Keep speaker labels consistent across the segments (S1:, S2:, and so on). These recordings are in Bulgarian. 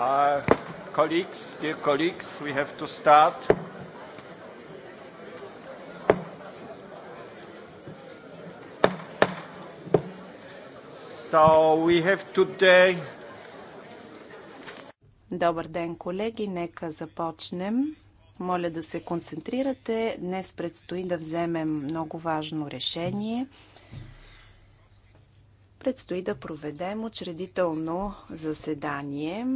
S1: Uh, colleagues, dear colleagues, we have to start. So we have today...
S2: Добър ден, колеги! Нека започнем. Моля да се концентрирате. Днес предстои да вземем много важно решение предстои да проведем учредително заседание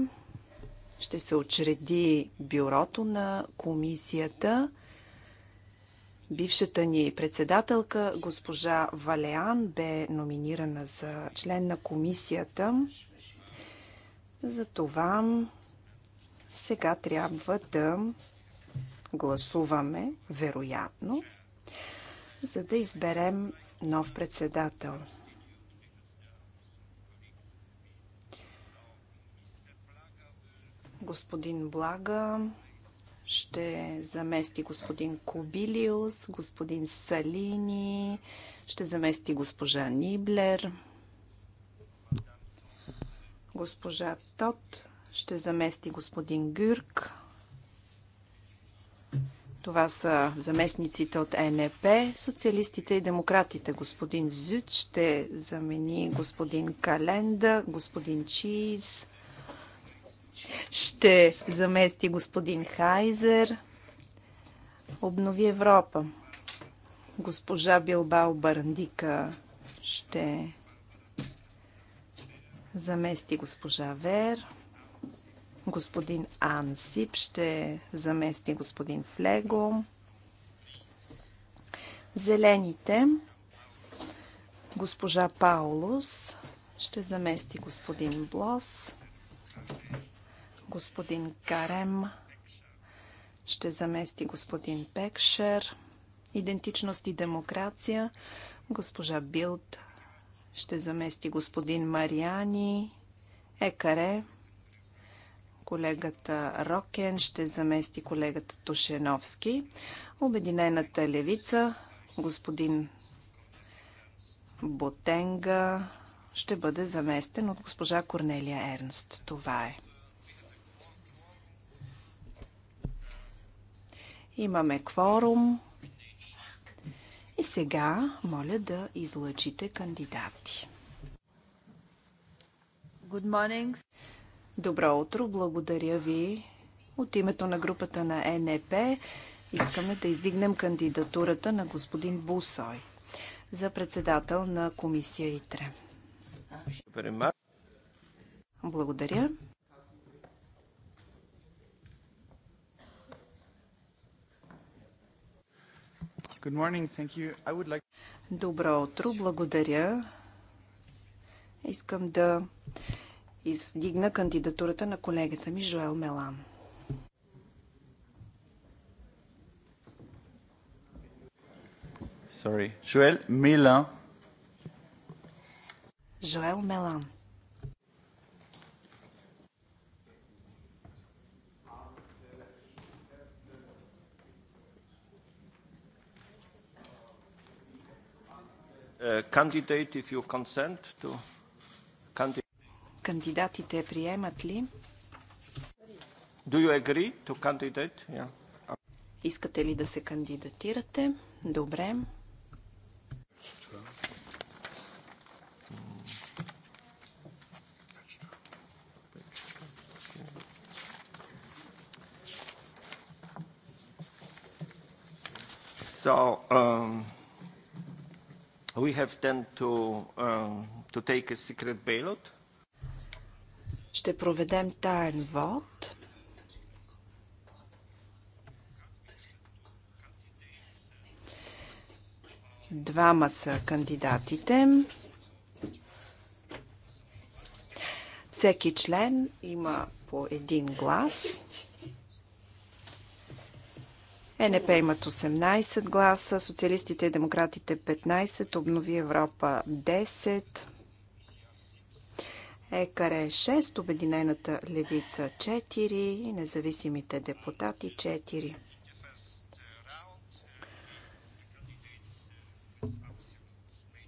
S2: ще се очреди бюрото на комисията. Бившата ни председателка, госпожа Валеан, бе номинирана за член на комисията. Затова сега трябва да гласуваме, вероятно, за да изберем нов председател. господин Блага ще замести господин Кобилиус, господин Салини, ще замести госпожа Ниблер, госпожа Тот, ще замести господин Гюрк. Това са заместниците от НЕП, социалистите и демократите. Господин Зюд ще замени господин Календа, господин Чиз, ще замести господин Хайзер. Обнови Европа. Госпожа Билбао Барандика ще замести госпожа Вер. Господин Ансип ще замести господин Флего. Зелените. Госпожа Паулус ще замести господин Блос. Господин Карем ще замести господин Пекшер. Идентичност и демокрация. Госпожа Билд ще замести господин Мариани. Екаре. Колегата Рокен ще замести колегата Тушеновски. Обединената левица. Господин Ботенга ще бъде заместен от госпожа Корнелия Ернст. Това е. Имаме кворум. И сега моля да излъчите кандидати. Good morning. Добро утро, благодаря ви. От името на групата на НЕП искаме да издигнем кандидатурата на господин Бусой за председател на комисия ИТРЕ. Благодаря. Добро утро, благодаря. Искам да издигна кандидатурата на колегата ми Жоел Мелан.
S1: Sorry. Жоел Мелан. Жоел Мелан. Uh,
S2: Кандидатите приемат ли?
S1: Do you agree to candidate? Yeah.
S2: Искате ли да се кандидатирате? Добре.
S1: So, um, We have then to, um, to take a secret ballot.
S2: Ще проведем таен вод. Двама са кандидатите. Всеки член има по един глас. Е ЕНП имат 18 гласа, социалистите и демократите 15, Обнови Европа 10, ЕКАРЕ 6, Обединената левица 4 и независимите депутати 4.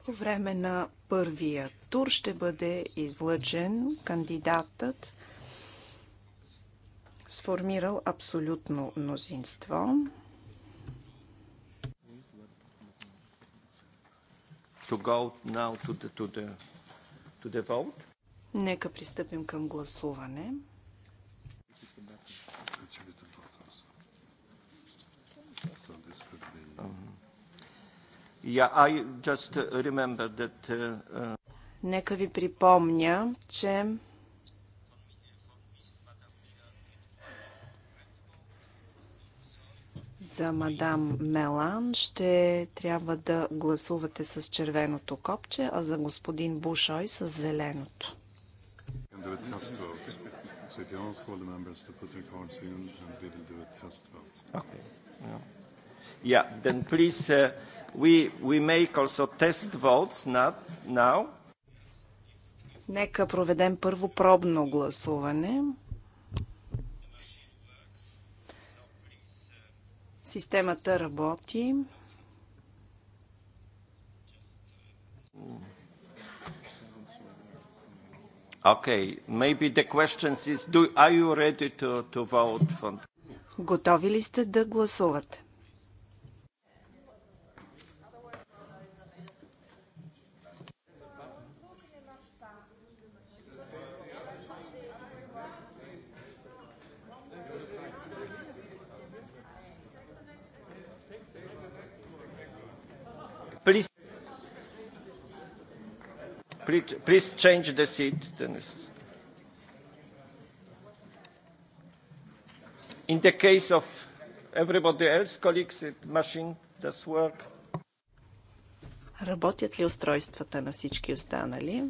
S2: По време на първия тур ще бъде излъчен кандидатът, сформирал абсолютно мнозинство.
S1: To go now to the, to the, to the vote.
S2: Нека пристъпим към гласуване.
S1: Um, yeah, I just remember that, uh... uh
S2: Нека ви припомня, че за мадам Мелан ще трябва да гласувате с червеното копче, а за господин Бушой с зеленото. Нека проведем първо пробно гласуване. Системата работи.
S1: Okay, maybe the question is, do, are you ready to, to vote?
S2: Готови ли сте да гласувате?
S1: Please change the seat. In the case of everybody else, colleagues, the machine does work.
S2: Работят ли устройствата на всички останали?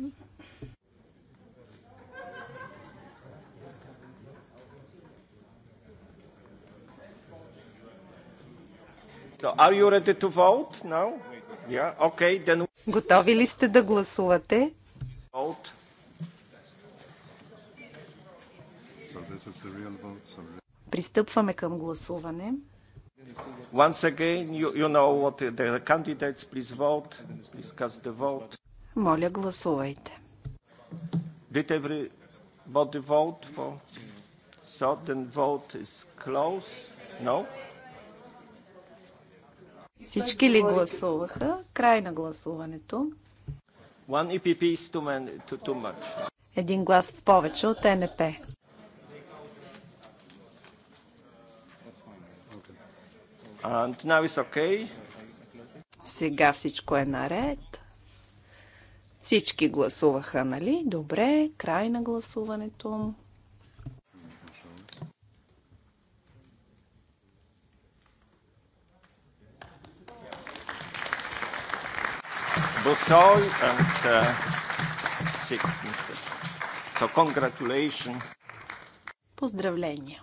S1: So, are you ready to vote now?
S2: Готови ли сте да гласувате? Пристъпваме към гласуване. Моля, гласувайте.
S1: Вот вот всички ли
S2: гласуваха? Край на гласуването.
S1: E
S2: Един глас в повече от НП.
S1: Okay.
S2: Сега всичко е наред. Всички гласуваха, нали? Добре, край на гласуването.
S1: Sol and uh, six, Mr. So congratulations.
S2: Поздравления.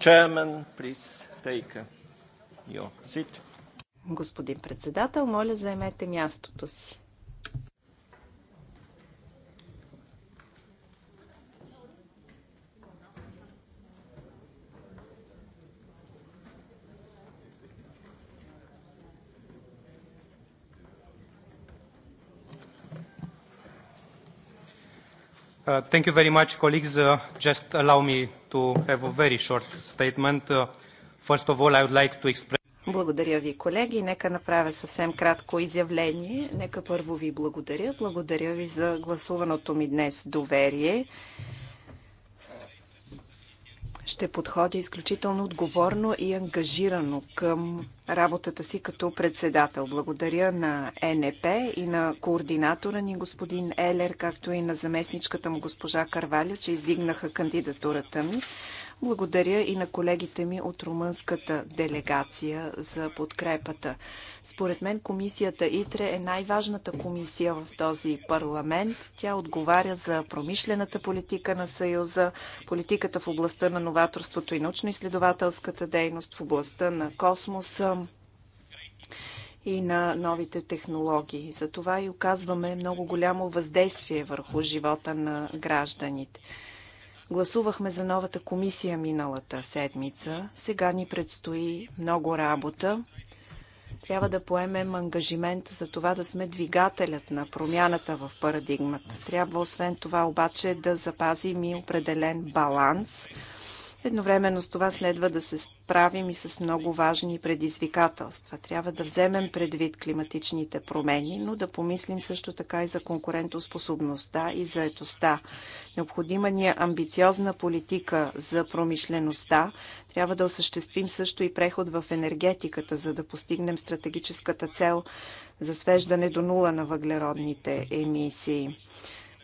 S1: Chairman, please take your seat. Господин председател, моля заемете мястото си. Uh, thank you very much, colleagues. Uh, just allow me to have a very short statement. Uh, first of all, I would like to express...
S2: Благодаря ви, колеги. Нека направя съвсем кратко изявление. Нека първо ви благодаря. Благодаря ви за гласуваното ми днес доверие ще подходя изключително отговорно и ангажирано към работата си като председател. Благодаря на ЕНП и на координатора ни господин Елер, както и на заместничката му госпожа Карвалю, че издигнаха кандидатурата ми. Благодаря и на колегите ми от румънската делегация за подкрепата. Според мен комисията ИТРЕ е най-важната комисия в този парламент. Тя отговаря за промишлената политика на Съюза, политиката в областта на новаторството и научно-изследователската дейност, в областта на космоса, и на новите технологии. Затова и оказваме много голямо въздействие върху живота на гражданите. Гласувахме за новата комисия миналата седмица. Сега ни предстои много работа. Трябва да поемем ангажимент за това да сме двигателят на промяната в парадигмата. Трябва освен това обаче да запазим и определен баланс – Едновременно с това следва да се справим и с много важни предизвикателства. Трябва да вземем предвид климатичните промени, но да помислим също така и за конкурентоспособността и заетостта. Необходима ни е амбициозна политика за промишлеността. Трябва да осъществим също и преход в енергетиката, за да постигнем стратегическата цел за свеждане до нула на въглеродните емисии.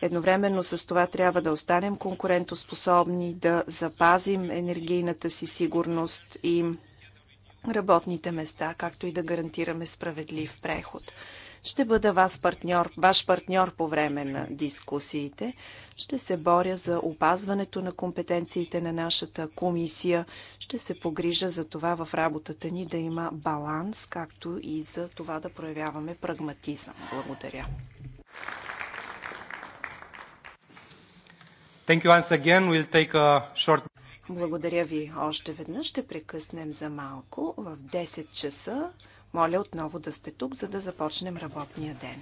S2: Едновременно с това трябва да останем конкурентоспособни, да запазим енергийната си сигурност и работните места, както и да гарантираме справедлив преход. Ще бъда вас партньор, ваш партньор по време на дискусиите. Ще се боря за опазването на компетенциите на нашата комисия. Ще се погрижа за това в работата ни да има баланс, както и за това да проявяваме прагматизъм. Благодаря.
S1: Thank you once again. We'll take a short...
S2: Благодаря ви още веднъж. Ще прекъснем за малко в 10 часа. Моля отново да сте тук, за да започнем работния ден.